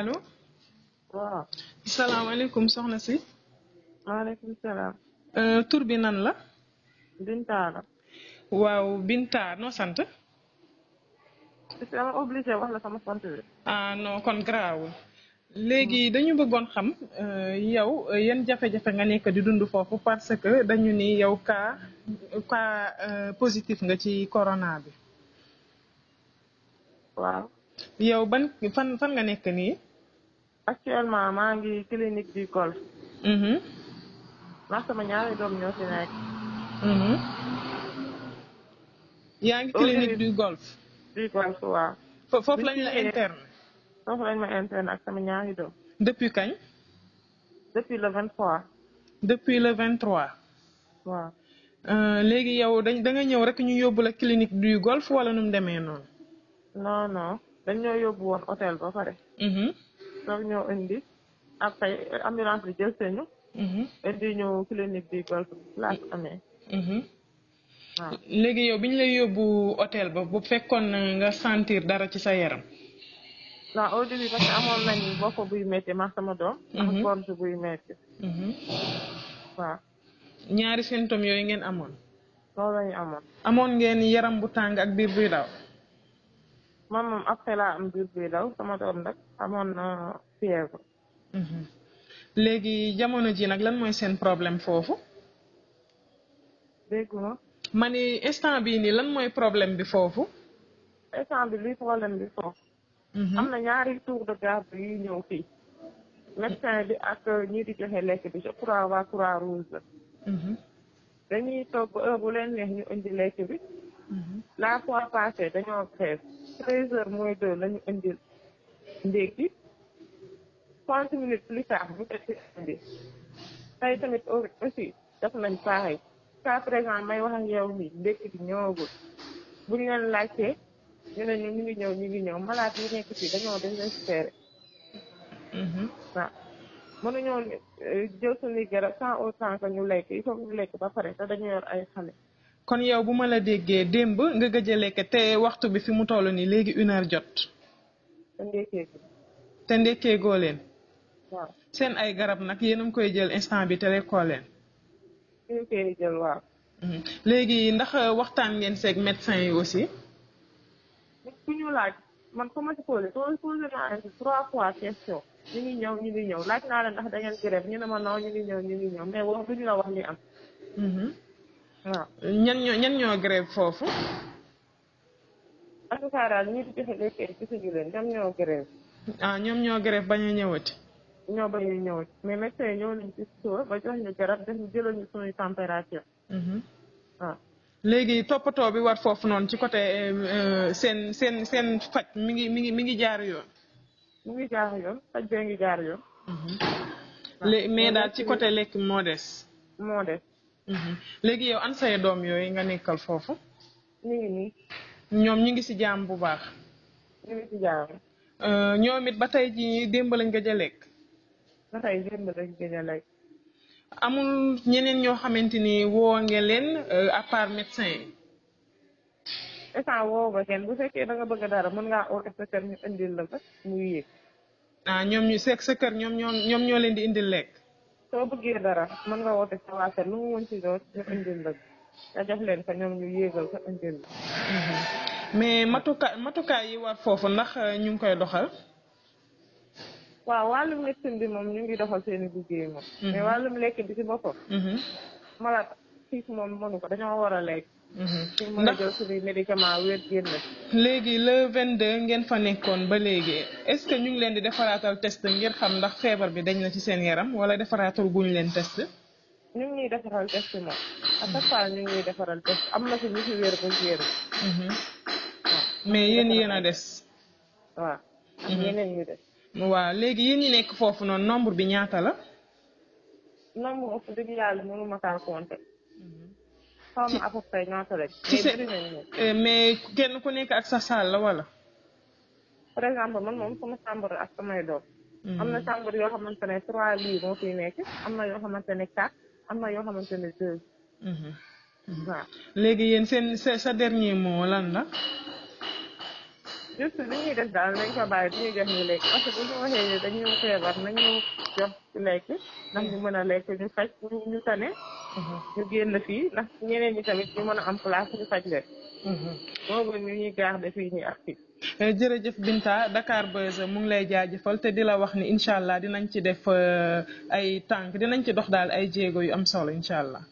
allo. waaw. salaamaaleykum soxna si. maaleykum salaam. Euh, bi nan la. Binta la. waaw Binta noo sant. parce que dama ah, kon garaawul. léegi dañu bëggoon xam euh, yow euh, yan jafe-jafe nga nekk di dund foofu parce que dañu ni yow cas cas positif nga ci corona bi. waaw. yow ban fan fan nga nekk nii. actuellement maa ngi clinique du col. Mm-hmm. ndax sama ñaari doom ñoo fi nekk. Mm-hmm. yaa ngi clinique du golf. du golf waaw. foofu lañ la eh, interne. foofu lañ ma interne ak sama ñaari depuis kañ. depuis le vingt 23. depuis le 23. waaw. Euh, léegi yow dañ da nga ñëw rek ñu yóbbu la clinique du golf wala nu mu demee noonu. non non dañ ñoo yóbbu woon hôtel ba pare. Mm-hmm. sax ñoo indi après ambulance bi jël señu mhm. indi ñu clinique bi mhm. léegi yow lay yóbbu hôtel ba bu fekkoon na nga sentir dara ci sa yaram waaw nañ bopp buy métti ma doom mhm. ak gorge buy métti waaw ñaari symptômes yooyu ngeen amoon loolu la ñu amoon ngeen yaram bu ak biir buy daw man moom après laa am biir buy daw sama doom nag amoon na fièvre. Mhm. léegi jamono ji nag lan mooy seen problème foofu. dégg nga. ma ni nii lan mooy problème bi foofu. instant bi luy problème bi foofu. Mhm. am na ñaari tour de garde yuy ñëw fii. médecin bi ak ñi di joxe lekk bi je crois waa croix rouge la. Mhm. dañuy lekk bi. la fois passée dañoo grève. treize mooy deux lañu indil ndékki trente minutes plus tard bu tëdd indi tey tamit aussi def nañ pareil cas présent may wax ak yow nii ndékki bi ñëwagul buñ leen laajtee ñu ñu ngi ñëw ñu ngi ñëw malaat yi nekk fii dañoo désespéré mhm. waaw mënuñoo euh, jël suñuy garab sans autant que ñu lekk il faut ñu lekk ba pare te dañu yor ay xale kon yow bu ma la déggee démb nga gëj a lekk te waxtu bi fi mu toll nii léegi une jot. te ndekkeegoo leen. waaw seen ay garab nag yéen a koy jël instant bi te lekkoo leen. jël waaw. Mhm. léegi ndax euh, waxtaan ngeen seeg médecin yi aussi. ku ñu laaj man comme si posé posé naa leen trois fois question ñu ngi ñëw ñu ngi ñëw laaj naa la ndax da ngeen ñu ne ma non ñu ngi ñëw ñu ngi ñëw mais wax lu ñu la wax li am. Mhm. waaw ñan ñoo ñan ñoo grève foofu. en tout cas di joxe léegi ay gisagu leen ñoom ñoo grève. ah ñoom ñoo grève bañ a ñëwati. ñoo bañ a ñëwati mais médecin yi ñëw nañ ci suba ba jox ñu garab def ñu jëloon ñu suñuy température. Mhm. waaw. léegi toppatoo bi war foofu noonu ci côté euh, seen seen seen faj mi ngi mi ngi mi ngi jaar yoon. mu ngi jaar yoon faj bee ngi jaar yoon. Mhm. léegi mais daal ci côté lekk moo des. moo des. Mhm. léegi yow an doom yooyu nga nekkal foofu. ñoom ñu ngi si jaam bu baax. ñu euh, ñoom it ba tey jii démb lañ gëj a lekk. ba tey démb lañ gëj lekk. amul ñeneen ñoo xamante ni woo ngeen leen euh, à part médecin yi. instant woo ba kenn bu fekkee da nga bëgg dara mën ngaa oo sa ñu indil la ba muy yéeg. Ah, ñoom ñu seeg sa kër ñoom ñoo ñoom ñoo leen di indil lekk. soo bëggee dara mën nga woote sa waa kër lu mu mënti doon ñu indil la nga jox leen fa ñoom ñu yéegal ko indil mhm. mais matuka matukaay yi war foofu ndax euh, ñu ngi koy doxal. waaw wàllum médecine bi moom ñu ngi doxal seen i liggéey moom. Mhm. mais wàllum lekk bi si boppam. Mhm. malade xiif moom mënu ko dañoo war a lekk. Mm-hmm. ndax léegi le de ngeen fa nekkoon ba léegi est ce que ñu ngi leen di defaraatal test ngir xam ndax feebar bi dañ na ci seen yaram wala defaraatal guñ leen test. ñu ngi ñuy defaral test moom. à chaque fois ñuy defaral am na si ñu si mm-hmm. mais yéen yéen a des. waaw ak yeneen mm-hmm. ñu léegi yéen ñi nekk foofu noonu nombre bi ñaata la. nombre bi dëgg yàlla mënu kaa compter. xaw ma à peu près ñaata rek. mais kenn ku nekk ak sa saal la wala. par exemple man moom sama chambre ak samay doom. Mm-hmm. am na chambre yoo xamante ne trois lits moo fiy nekk am na yoo xamante ne quatre am na yoo xamante ne mm-hmm. Mm-hmm. léegi yéen seen sa sa dernier mot lan la. juste li ñuy def daal nañ ko bàyyi du ñu jox ñu lekk parce que ñu waxee dañu feebar nañu jox lekk ndax ñu mën a lekk ñu faj ñu tane ñu génn fii ndax ñeneen ñi tamit ñu mën a am place ñu faj leen. boobu ñu ñuy garder fii ñuy actif. Eh, jërëjëf Binta Dakar Buzz mu ngi lay jaajëfal te di la wax ni incha allah dinañ ci def eh, ay tànk dinañ ci dox daal ay jéego yu am solo incha allah.